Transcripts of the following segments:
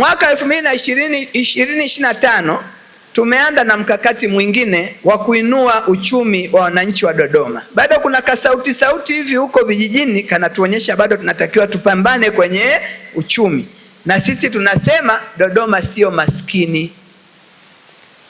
Mwaka 2025 tumeanza na mkakati mwingine wa kuinua uchumi wa wananchi wa Dodoma. Bado kuna kasauti sauti hivi huko vijijini kanatuonyesha bado tunatakiwa tupambane kwenye uchumi, na sisi tunasema Dodoma sio maskini.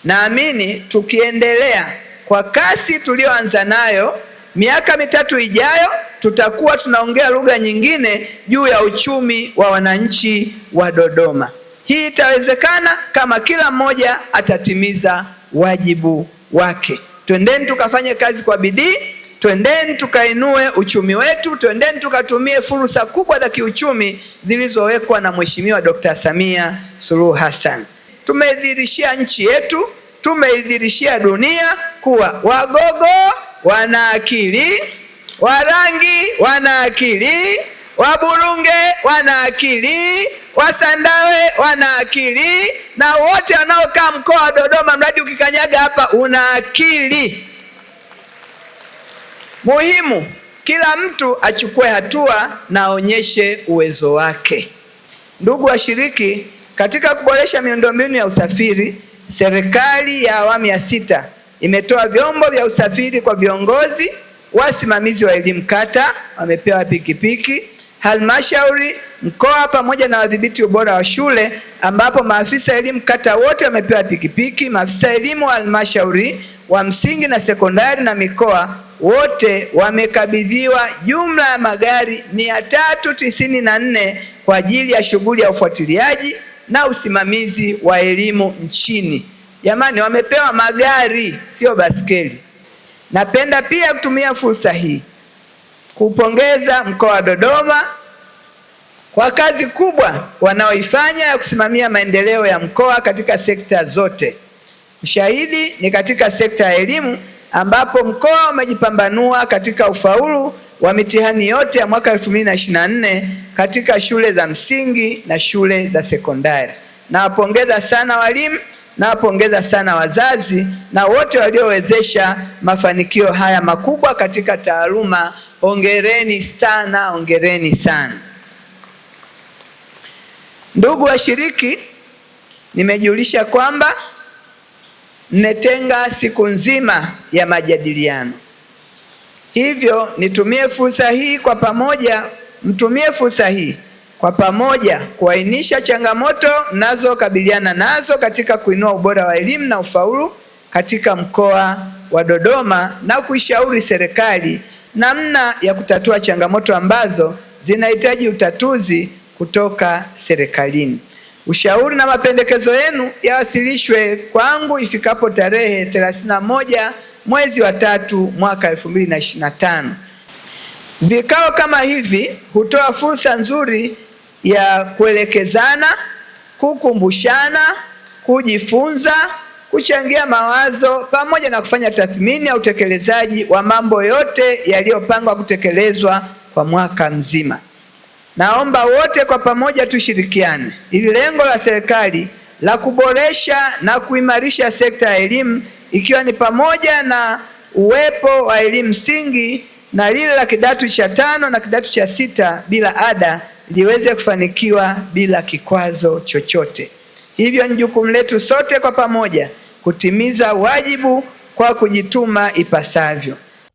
Naamini tukiendelea kwa kasi tuliyoanza nayo, miaka mitatu ijayo tutakuwa tunaongea lugha nyingine juu ya uchumi wa wananchi wa Dodoma. Hii itawezekana kama kila mmoja atatimiza wajibu wake. Twendeni tukafanye kazi kwa bidii, twendeni tukainue uchumi wetu, twendeni tukatumie fursa kubwa za kiuchumi zilizowekwa na Mheshimiwa Dkt. Samia Suluhu Hassan. Tumeidhirishia nchi yetu, tumeidhirishia dunia kuwa Wagogo wana akili, Warangi wana akili Waburunge wana akili, Wasandawe wana akili, na wote wanaokaa mkoa wa Dodoma, mradi ukikanyaga hapa una akili. Muhimu kila mtu achukue hatua na aonyeshe uwezo wake. Ndugu washiriki, katika kuboresha miundombinu ya usafiri, serikali ya awamu ya sita imetoa vyombo vya usafiri kwa viongozi, wasimamizi wa elimu kata wamepewa pikipiki halmashauri, mkoa pamoja na wadhibiti ubora wa shule, ambapo maafisa elimu kata wote wamepewa pikipiki, maafisa elimu wa halmashauri wa msingi na sekondari na mikoa wote wamekabidhiwa jumla ya magari mia tatu tisini na nne kwa ajili ya shughuli ya ufuatiliaji na usimamizi wa elimu nchini. Jamani, wamepewa magari, sio baskeli. Napenda pia kutumia fursa hii kupongeza mkoa wa Dodoma kwa kazi kubwa wanaoifanya ya kusimamia maendeleo ya mkoa katika sekta zote. Ushahidi ni katika sekta ya elimu ambapo mkoa umejipambanua katika ufaulu wa mitihani yote ya mwaka 2024 katika shule za msingi na shule za sekondari. Nawapongeza sana walimu, nawapongeza sana wazazi na wote waliowezesha mafanikio haya makubwa katika taaluma. ongereni sana, ongereni sana. Ndugu washiriki, nimejulisha kwamba mmetenga siku nzima ya majadiliano, hivyo nitumie fursa hii kwa pamoja, mtumie fursa hii kwa pamoja kuainisha changamoto mnazokabiliana nazo katika kuinua ubora wa elimu na ufaulu katika mkoa wa Dodoma na kuishauri serikali namna ya kutatua changamoto ambazo zinahitaji utatuzi kutoka serikalini. Ushauri na mapendekezo yenu yawasilishwe kwangu ifikapo tarehe 31 mwezi wa tatu mwaka 2025. Vikao kama hivi hutoa fursa nzuri ya kuelekezana, kukumbushana, kujifunza, kuchangia mawazo pamoja na kufanya tathmini ya utekelezaji wa mambo yote yaliyopangwa kutekelezwa kwa mwaka mzima. Naomba wote kwa pamoja tushirikiane ili lengo la serikali la kuboresha na kuimarisha sekta ya elimu ikiwa ni pamoja na uwepo wa elimu msingi na lile la kidato cha tano na kidato cha sita bila ada liweze kufanikiwa bila kikwazo chochote. Hivyo ni jukumu letu sote kwa pamoja kutimiza wajibu kwa kujituma ipasavyo.